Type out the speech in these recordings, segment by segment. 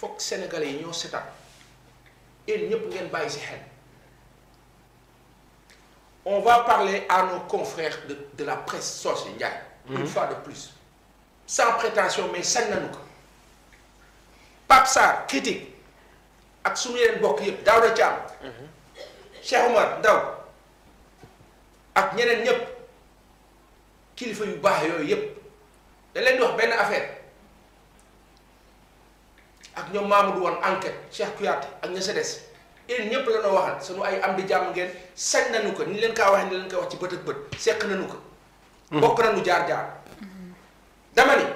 foog sénégalais yi ñoo setaan yéen ñëpp ngeen bàyyi ci xel on va parler à nos confrères de de la presse Socé Ndiaye. une mhm. fois de plus. sans prétention mais sañ nañu ko Pape Sarr critique ak suñu yeneen bokk yëpp Daouda Thiam. Mhm. Cheikh Omar Ndaw ak ñeneen ñëpp kilifa yu baax yooyu yëpp da leen di wax benn affaire. ak ñoom Mamadou Wan enquête Cheikh Kouyaté ak ña sa des yéen ñëpp la noo waxal sunu ay am di jàmm ngeen sañ nañu ko ni leen kaa waxee ni leen koy wax ci bët ak bët sekk nañu ko. Mm-hmm. bokk nañu jaar jaar. Mm-hmm. dama ni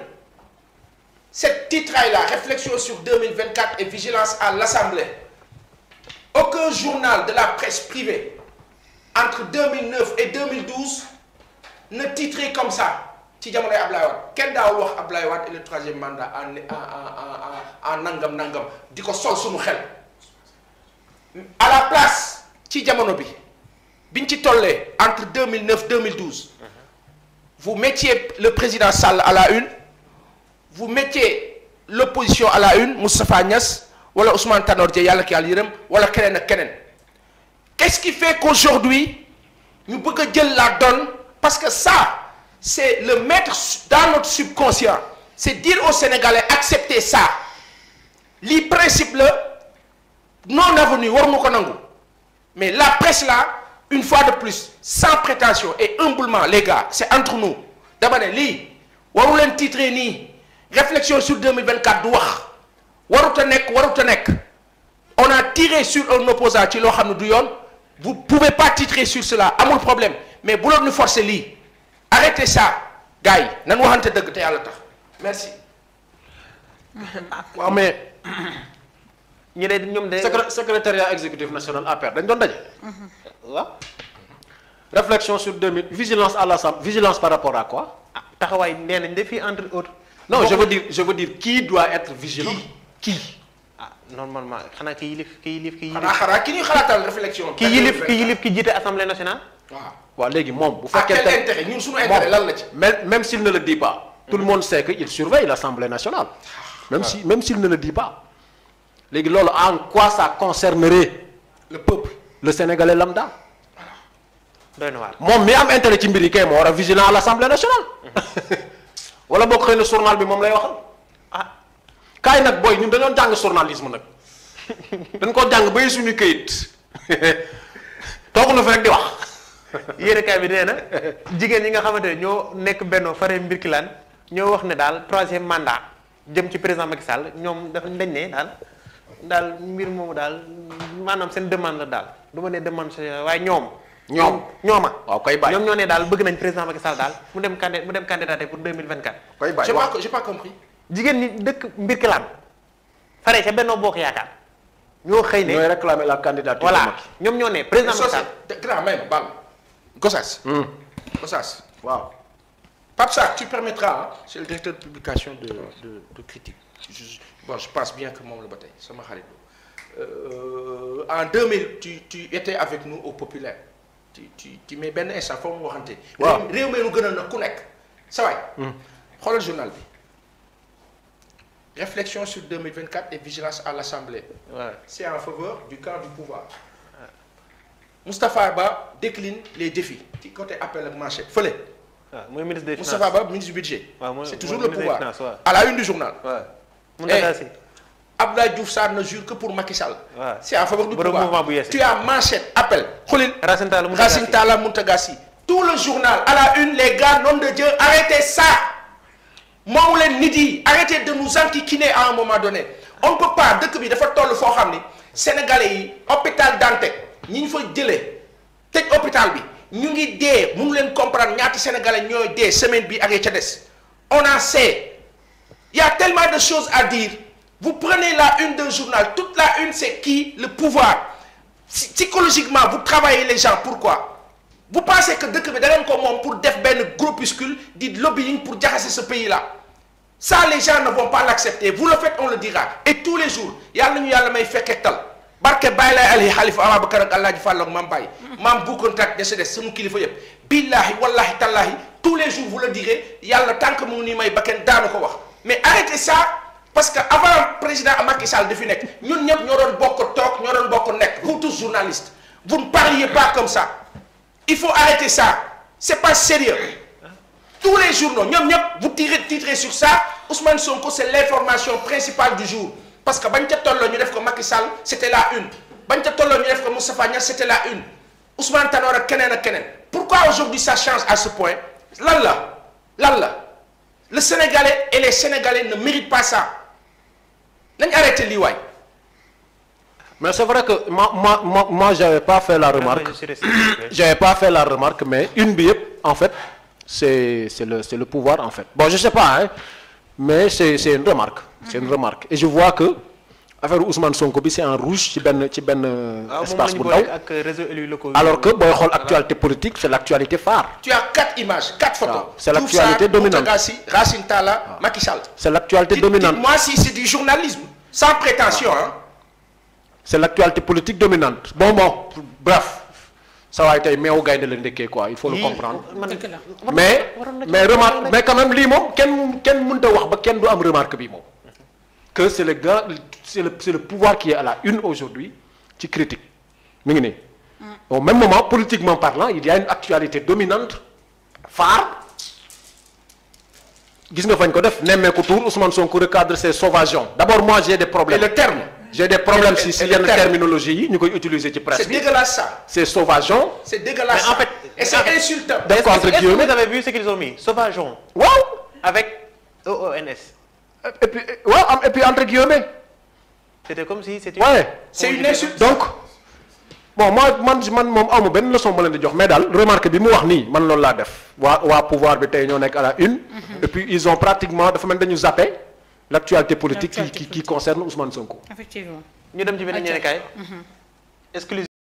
cette titraille là réflexion sur 2024 et vigilance à l'Assemblée aucun journal de la presse privée entre 2009 et 2012 ne titrait comme ça. ci jamonoy ab Wade kenn daawul wax Ablaye Wade et le troisième mandat en nangam nangam di ko sol suñu xel à la place ci jamono bi biñ ci tollee entre 2009 2012 vous mettiez le président Sall à la une vous mettiez l'opposition à la une Moustapha Niass wala Ousmane Tanor Dieng yàlla ki yàlla yërëm wala keneen ak keneen qu'est-ce qui fait qu'aujourd'hui ñu bëgg a jël la donne parce que ça c'est le mettre dans notre subconscient c'est dire aux Sénégalais acceptez ça lii principe la non avenu waruñu ko nangu mais la presse une fois de plus sans prétention et humblement les gars c'est entre nous dama ne lii waru leen titrer nii réflexion sur 2024 du wax warut a nekk warut a nekk on a tiré sur un opposant ci loo xam ne du yoon vous pouvez pas titrer sur cela amul problème mais bu loon ñu forcer lii arrêtez ça gars yi nan waxante dëgg te yàlla tax merci. waaw mais ñu ne ñoom de. secrétariat exécutif national APR dañ doon daje. Mm-hmm. waaw. réflexion sur 2000 vigilance à l'Assemblée vigilance par rapport à quoi. ah taxawaay nee nañ de fii entre autres. non je veux dire je veux dire qui doit être vigilant. qui qui. ah normalement xanaa ki yilif ki yilif ki yilif. xanaa xanaa ki ki yilif ki yilif ki jiite assemblée nationale. waaw léegi moom bu fekkee quel intérêt ñun suñu intérêt lan la ci même même s'il ne le dit pas tout le mm-hmm. monde sait que il surveille l'Assemblée nationale ah, même si même si ne le dit pas léegi loolu en quoi ça concernerait le pëpp le sénégalais lambda moom mi am intere ci mbir yi kay moo war a vigilant à l'Assemblée nationale mm-hmm. wala boo xëy na journal bi moom lay wax ah kaay nag booy ñun dañoo jàng journalisme nag dañ koo jàng bay suñu këyit toog na fi rek di wax yéenekaay bi nee na jigéen ñi nga xamante ne ñoo nekk Benno fare Mbirkilaan ñoo wax ne daal troisième mandat jëm ci président Macky Sall ñoom dafa dañ ne daal daal mbir moomu daal maanaam seen demande daal du ma ne demande waaye ñoom. ñoom ñooma. waaw koy bàyyi ñoom ñoo daal bëgg nañ président Macky Sall daal mu dem candid mu dem candidaté pour 2024. koy bàyyi waaw j'ai jigéen ñi dëkk Mbirkilaan fare ca Benno Bokk Yaakaar. ñoo xëy ne ñooy réclamer la candidature. voilà ñoom ñoo ne Gossas. Hmm. Gossas waaw. Pape Sarr tu permettras c'est le directeur de publication de de de Critique je pense bien que moom la ba tey sama xarit boobu euh, en 2000 tu tu étais avec nous au Populaire tu tu tu mais benn instant foofu mu waxante. waaw réew mi nu gënal na ku nekk sa waay. Hmm. xoolal journal bi. réflexion sur 2024 et vigilance à l'Assemblée. waaw ouais. c'est en faveur du camp du pouvoir. Moustapha Ba décline les défis ci côté appel ak marché fële. waaw ah, mooy ministre des finances Moustapha Ba ministre budget. Ah, c'est toujours le pouvoir à la une du journal. waaw mun na eh, ne jure que pour Macky Sall. waaw c'est à faveur du pouvoir tu as manchette appel xulil. Racine Talla tout le journal à la une les gars nom de Dieu arrêtez ça moomu leen nit yi arrêtez de nous enquiquiner à un moment donné on ne peut pas dëkk bi dafa toll foo xam ni sénégalais yi hôpital Dantec. ñi ñu fa jëlee tëj hôpital bi ñu ngi dee mënu leen comprendre ñaata sénégalais ñooy dee semaine bi ak ya ca des on en sait il a tellement de choses à dire vous prenez la une d'un journal toute la une c'est qui le pouvoir psychologiquement vous travaillez les gens pourquoi vous pensez que dëkk bi da ngeen ko moom pour def benn groupuscule di lobbying pour jaxase ce pays là ça les gens ne vont pas l'accepter vous le faites on le dira et tous les jours yàlla ñu yàlla may fekkee barke Baye Laye Ali xalifa Ababacar ak Alaaji Fàll ak maam Baye maam bu contact de des sama kilifa yëpp billaahi wallaahi tallaahi tous les jours vous le direz yàlla tànk mu ngi nii may ba kenn ko wax mais arrêtez ça parce que avant président Macky Sall di fi nekk ñun ñëpp ñoo doon bokk ñoo bokk nekk vous tous journalistes vous ne parliez pas comme ça il faut arrêter ça c'est pas sérieux tous les journaux ñoom ñëpp vous tirez titrez sur ça Ousmane Sonko c'est jour parce que bañ ca tolloo ñu def ko Macky Sall c'était la une bañ ca tolloo ñu def ko Moustapha Niasse c'était la une Ousmane Tanor ak keneen ak keneen pourquoi aujourd'hui ça change à ce point lan la lan la le Sénégalais et les Sénégalais ne méritent pas ça nañ arrêté lii waay. mais que ma ma ma moi j'avais pas la remarque j'avais pas fait la remarque mais une bi yëpp en fait c'est le le pouvoir en fait bon je sais pas mais c'est c'est une remarque c'est une remarque et je vois que affaire Ousmane Sonko bi c'est en rouge ci benn ci benn euh, ah, espace bu alors que booy xool actualité politique c'est l'actualité phare tu as quatre images quatre photos c'est l'actualité dominante Moutagassi Racine Talla Macky Sall c'est l'actualité dominante dites-moi si c'est du journalisme sans prétention c'est l'actualité politique dominante bon bon bref sa waay tey meewu gaynde la ndekkee quoi il faut le comprendre mais mais remarque mais quand même lii moom kenn kenn mun ta wax ba kenn du am remarque bi moom que c'est le grand c'est le c'est le pouvoir qui est à la une aujourd'hui ci critique mu ngi nii mm. au même moment politiquement parlant il y a une actualité dominante phare gis nga fañ ko def nemmeeku tour Ousmane Sonko recadre ses sauvageons d'abord moi j'ai des problèmes et le terme j'ai des problèmes si si yenn terminologie yi ñu koy utiliser ci presse bi. c'est dégueulasse ça. c'est sauvageon. c'est dégueulasse mais et c'est sauvageon. waaw avec OONS. et puis entre guillemets. c'était comme si c'était. ouais c'est une insulte donc. bon moi man man moom amu benn leçon ma leen di jox mais daal remarque bi mu ax ni man loolu laa def waa waa pouvoir bi tey ñoo nekk à la une. Mhm. et ils ont pratiquement dafa mel dañu zappé. l' politique qui qui concerne Ousmane Sonko. effectivement ñu dem ci beneen yéenekaay. Mhm.